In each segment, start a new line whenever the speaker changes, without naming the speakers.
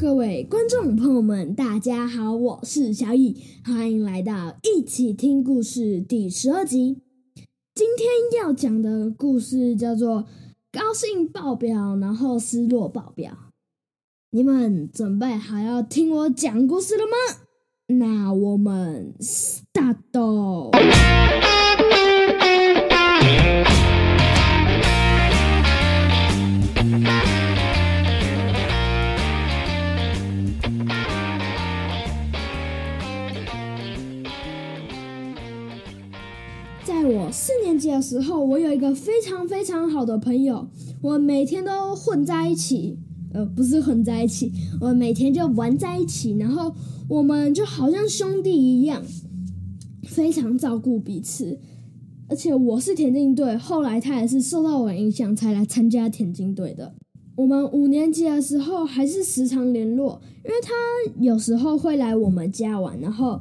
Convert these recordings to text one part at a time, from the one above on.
各位觀眾朋友們，大家好，我是小雨，歡迎來到一起聽故事第十二集。今天要講的故事叫做《高興爆表》，然後失落爆表。你們準備好要聽我講故事了嗎？那我們 start、哦。啊啊啊啊啊在我四年級的時候，我有一個非常非常好的朋友，我每天都混在一起，呃，不是混在一起，我每天就玩在一起，然後我們就好像兄弟一樣，非常照顧彼此。而且我是田徑隊，後來他也是受到我影響才來參加田徑隊的。我們五年級的時候還是時常聯絡，因為他有時候會來我們家玩，然後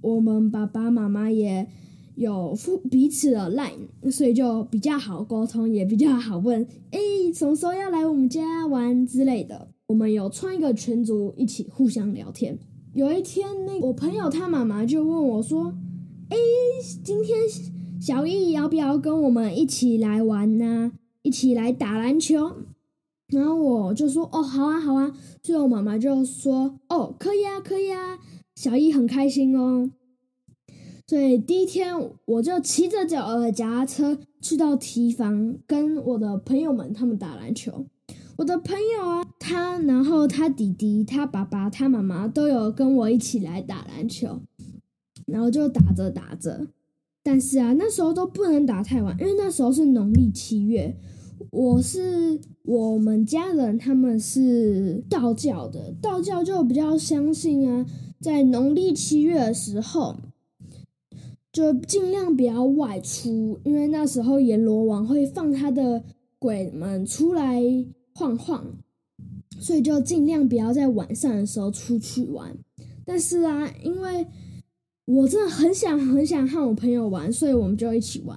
我們爸爸媽媽也。有互彼此的 line，所以就比較好溝通，也比較好問。哎、欸，什麼時候要來我們家玩之類的？我們有創一個群組一起互相聊天。有一天，那個、我朋友他媽媽就問我說：“哎、欸，今天小藝要不要跟我們一起來玩呢？一起來打籃球？”然後我就說：“哦，好啊，好啊。”最後媽媽就說：“哦，可以啊，可以啊。”小藝很開心哦。所以第一天我就騎着腳的腳踏車去到堤防跟我的朋友們他們打籃球。我的朋友啊，他然後他弟弟、他爸爸、他媽媽都有跟我一起來打籃球，然後就打着打着，但是啊，那時候都不能打太晚，因為那時候是農曆七月。我是我們家人，他們是道教的，道教就比較相信啊，在農曆七月的時候。就盡量不要外出，因為那時候閻羅王會放他的鬼們出來晃晃，所以就盡量不要在晚上的時候出去玩。但是啊，因為我真的很想很想和我朋友玩，所以我們就一起玩。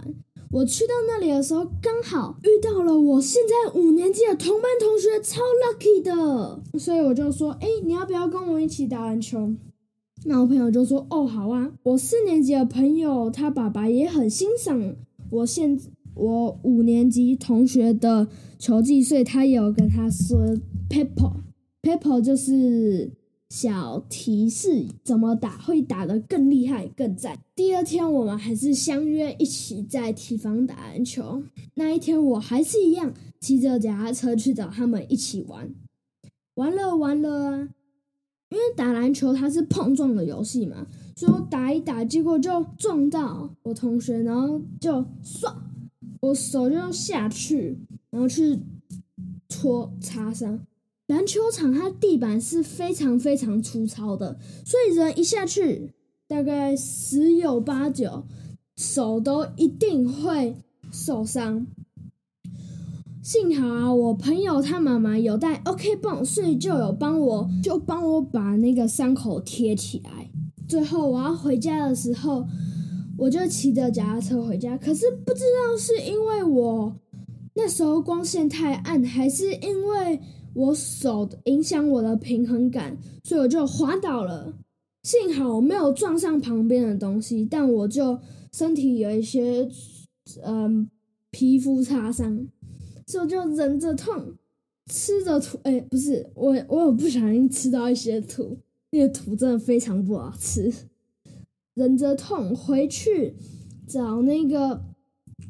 我去到那裡的時候，剛好遇到了我現在五年級的同班同學，超 lucky 的，所以我就說：“哎、欸，你要不要跟我一起打籃球？”那我朋友就說：“哦，好啊，我四年級的朋友，他爸爸也很欣賞我現我五年級同學的球技，所以他有跟他說，paper，paper 就是小提示，怎麼打會打得更厲害、更贊。”第二天，我們還是相約一起在體房打籃球。那一天，我還是一樣騎着腳踏車去找他們一起玩，玩了，玩了。因為打籃球它是碰撞的遊戲嘛，所以我打一打，結果就撞到我同學，然後就刷，我手就下去，然後去搓擦傷。籃球場它地板是非常非常粗糙的，所以人一下去，大概十有八九手都一定會受傷。幸好啊，我朋友他媽媽有帶 OK 繃，所以就有幫我就幫我把那個傷口貼起來。最後我要回家的時候，我就騎着腳踏車回家。可是不知道是因為我那時候光線太暗，還是因為我手影響我的平衡感，所以我就滑倒了。幸好我沒有撞上旁邊的東西，但我就身體有一些嗯皮膚擦傷。所以就忍着痛吃着土，哎、欸，不是，我我有不小心吃到一些土，那個土真的非常不好吃。忍着痛回去找那個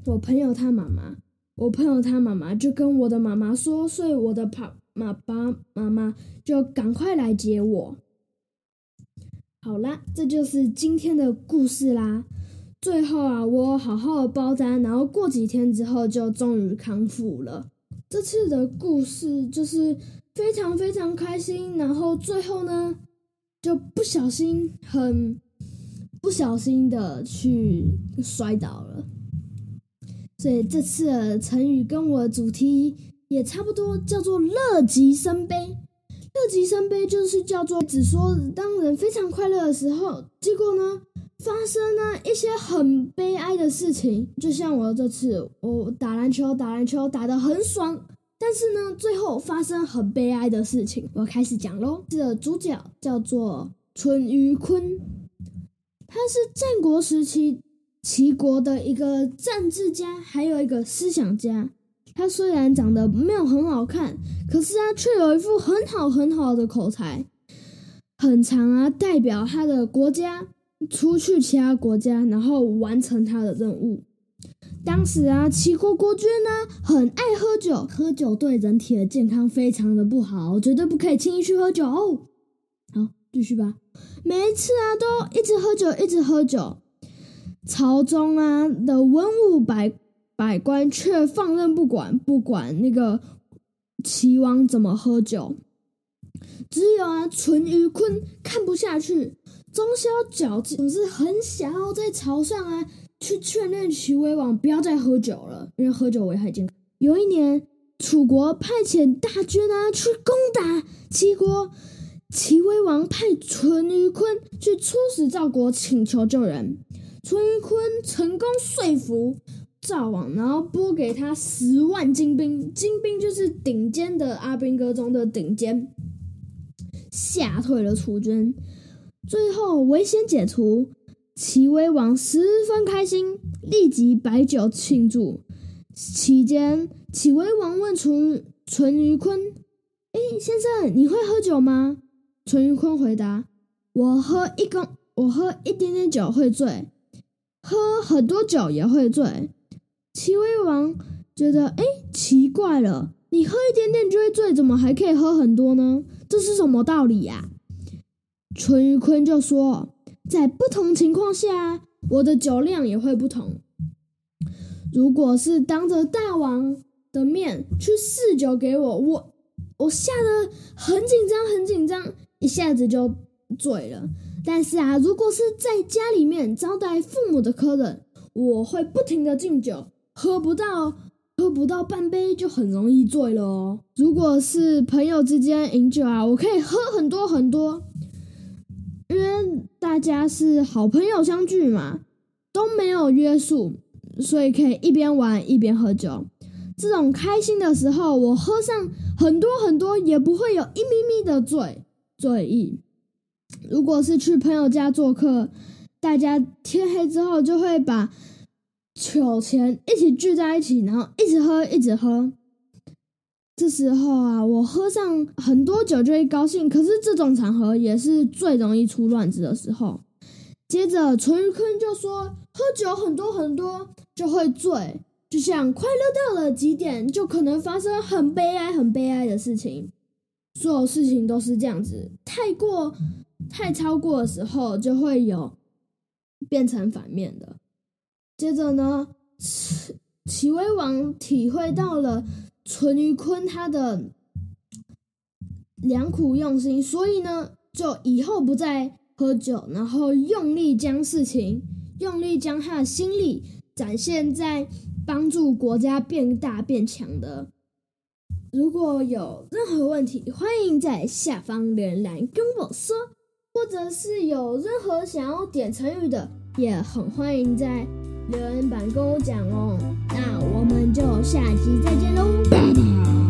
我朋友他媽媽，我朋友他媽媽就跟我的媽媽說，所以我的爸、爸媽媽就趕快來接我。好啦，這就是今天的故事啦。最後啊，我好好的包紮，然後過幾天之後就終於康復了。這次的故事就是非常非常開心，然後最後呢就不小心很不小心的去摔倒了。所以這次的成語跟我的主題也差不多，叫做“樂極生悲”。樂極生悲就是叫做只說當人非常快樂的時候，結果呢，發生了一些很悲哀的事情，就像我這次我打籃球，打籃球打得很爽，但是呢，最後發生很悲哀的事情，我開始講嘍。這個主角叫做淳於髡，他是戰國時期齊國的一個政治家，還有一個思想家。他雖然長得沒有很好看，可是他卻有一副很好很好的口才，很常啊，代表他的國家。出去其他國家，然後完成他的任務。當時啊，齊國國君呢、啊、很愛喝酒，喝酒對人體的健康非常的不好，絕對不可以輕易去喝酒。哦、好，繼續吧。每一次啊，都一直喝酒，一直喝酒。朝中啊的文武百百官卻放任不管，不管那個齊王怎麼喝酒。只有啊，淳於髡看不下去，中小角總是很想要在朝上啊，去勸諫齊威王不要再喝酒了，因為喝酒危害健康。有一年，楚國派遣大軍啊去攻打齊國，齊威王派淳於髡去出使趙國，請求救人。淳於髡成功說服趙王，然後撥給他十萬精兵，精兵就是頂尖的阿兵哥中的頂尖。嚇退了楚軍，最後危險解除，齊威王十分開心，立即擺酒慶祝。期間，齊威王問淳於淳於髡：“誒，先生，你會喝酒嗎？”淳於髡回答：“我喝一公，我喝一點點酒會醉，喝很多酒也會醉。”齊威王覺得：“誒，奇怪了，你喝一點點就會醉，怎麼還可以喝很多呢？”這是什麼道理呀、啊？淳於髡就說，在不同情況下，我的酒量也會不同。如果是當着大王的面去賜酒給我，我我嚇得很緊張，很緊張，一下子就醉了。但是啊，如果是在家裡面招待父母的客人，我會不停的敬酒，喝不到。不到半杯就很容易醉了哦。如果是朋友之間飲酒啊，我可以喝很多很多，因為大家是好朋友相聚嘛，都沒有約束，所以可以一邊玩一邊喝酒。這種開心的時候，我喝上很多很多也不會有一咪咪的醉，醉意。如果是去朋友家做客，大家天黑之後就會把。酒前一起聚在一起，然後一直喝，一直喝。這時候啊，我喝上很多酒就會高興。可是這種場合也是最容易出亂子的時候。接着淳於髡就說：“喝酒很多很多就會醉，就像快樂到了極點，就可能發生很悲哀、很悲哀的事情。所有事情都是這樣子，太過、太超過的時候，就會有變成反面的。”接着呢，齊威王體會到了淳於髡他的良苦用心，所以呢，就以後不再喝酒，然後用力將事情，用力將他的心力展現在幫助國家變大變強的。如果有任何問題，歡迎在下方留言跟我說，或者是有任何想要點成語的，也很歡迎在。留言板跟我講哦，那我們就下期再見嘍。拜拜。